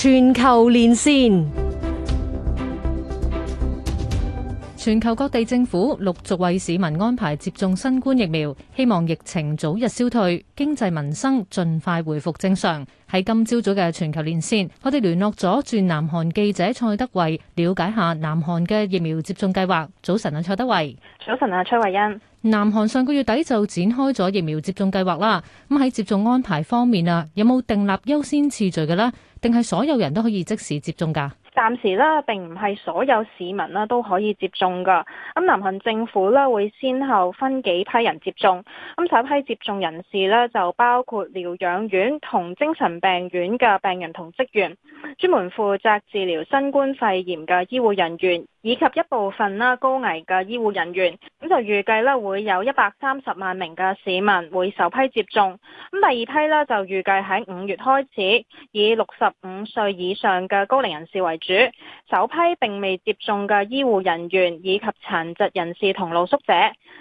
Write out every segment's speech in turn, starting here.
全球連線。全球各地政府陸續為市民安排接種新冠疫苗，希望疫情早日消退，經濟民生盡快回復正常。喺今朝早嘅全球連線，我哋聯絡咗駐南韓記者蔡德蕙，了解下南韓嘅疫苗接種計劃。早晨啊，蔡德蕙。早晨啊，崔蔚恩。南韓上個月底就展開咗疫苗接種計劃啦。咁喺接種安排方面啊，有冇訂立優先次序嘅呢？定係所有人都可以即時接種噶？暫時呢並唔係所有市民呢都可以接種㗎，咁南韓政府呢會先後分幾批人接種，咁首批接種人士呢就包括療養院同精神病院嘅病人同職員，專門負責治療新冠肺炎嘅醫護人員。以及一部分啦高危嘅醫護人員，咁就預計咧會有一百三十萬名嘅市民會首批接種，咁第二批咧就預計喺五月開始，以六十五歲以上嘅高齡人士為主，首批並未接種嘅醫護人員以及殘疾人士同露宿者，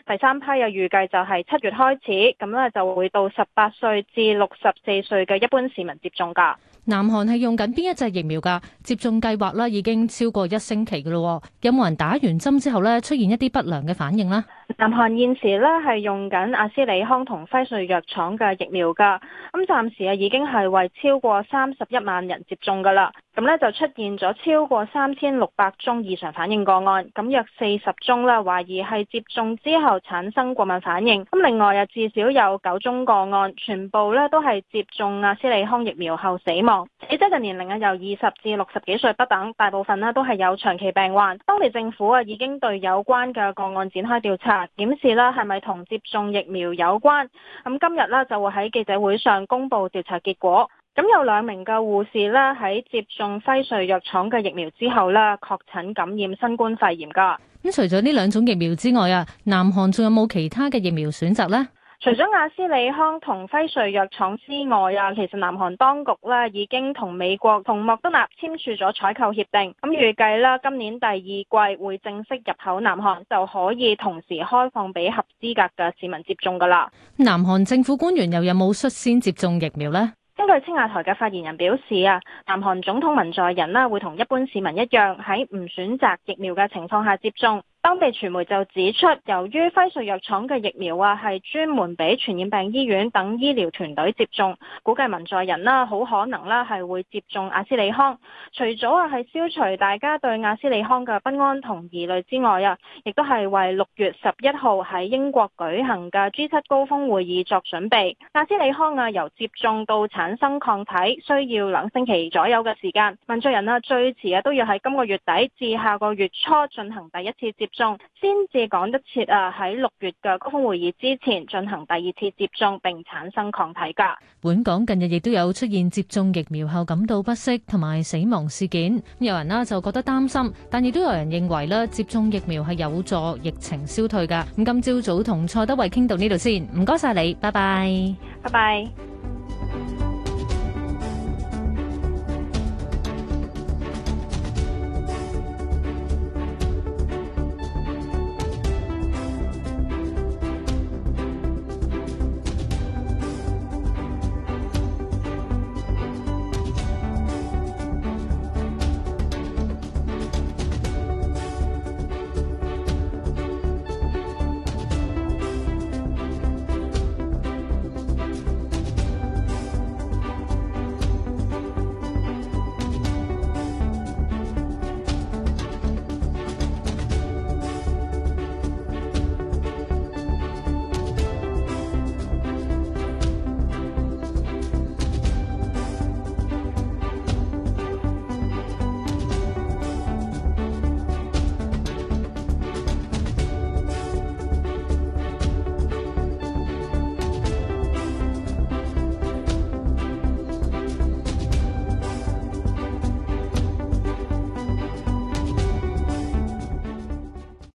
第三批又預計就係七月開始，咁咧就會到十八歲至六十四歲嘅一般市民接種噶。南韓係用緊邊一隻疫苗噶接種計劃啦，已經超過一星期噶咯。有冇人打完針之後咧出現一啲不良嘅反應咧？南韓現時咧係用緊阿斯利康同輝瑞藥廠嘅疫苗噶，咁暫時啊已經係為超過三十一萬人接種㗎啦。咁呢就出現咗超過三千六百宗異常反應個案，咁約四十宗咧懷疑係接種之後產生過敏反應。咁另外啊至少有九宗個案，全部呢都係接種阿斯利康疫苗後死亡，死者嘅年齡啊由二十至六十幾歲不等，大部分呢都係有長期病患。當地政府啊已經對有關嘅個案展開調查。檢視啦，係咪同接種疫苗有關？咁今日啦就會喺記者會上公布調查結果。咁有兩名嘅護士咧喺接種輝瑞藥廠嘅疫苗之後咧確診感染新冠肺炎噶。咁、嗯、除咗呢兩種疫苗之外啊，南韓仲有冇其他嘅疫苗選擇呢？除咗亞斯里康同輝瑞藥廠之外啊，其實南韓當局咧已經同美國同莫德納簽署咗採購協定，咁預計啦今年第二季會正式入口南韓，就可以同時開放俾合資格嘅市民接種噶啦。南韓政府官員又有冇率先接種疫苗呢？根據青瓦台嘅發言人表示啊，南韓總統文在寅啦會同一般市民一樣喺唔選擇疫苗嘅情況下接種。當地傳媒就指出，由於輝瑞藥廠嘅疫苗啊，係專門俾傳染病醫院等醫療團隊接種，估計文在寅啦，好可能啦，係會接種阿斯利康。除咗啊，係消除大家對阿斯利康嘅不安同疑慮之外啊，亦都係為六月十一號喺英國舉行嘅 G7 高峰會議作準備。阿斯利康啊，由接種到產生抗體需要兩星期左右嘅時間，文在寅啊，最遲啊都要喺今個月底至下個月初進行第一次接。接種先至講得切啊！喺六月嘅高峰會議之前進行第二次接種，並產生抗體噶。本港近日亦都有出現接種疫苗後感到不適同埋死亡事件，有人呢就覺得擔心，但亦都有人認為呢接種疫苗係有助疫情消退噶。咁今朝早同蔡德蕙傾到呢度先，唔該晒你，拜拜，拜拜。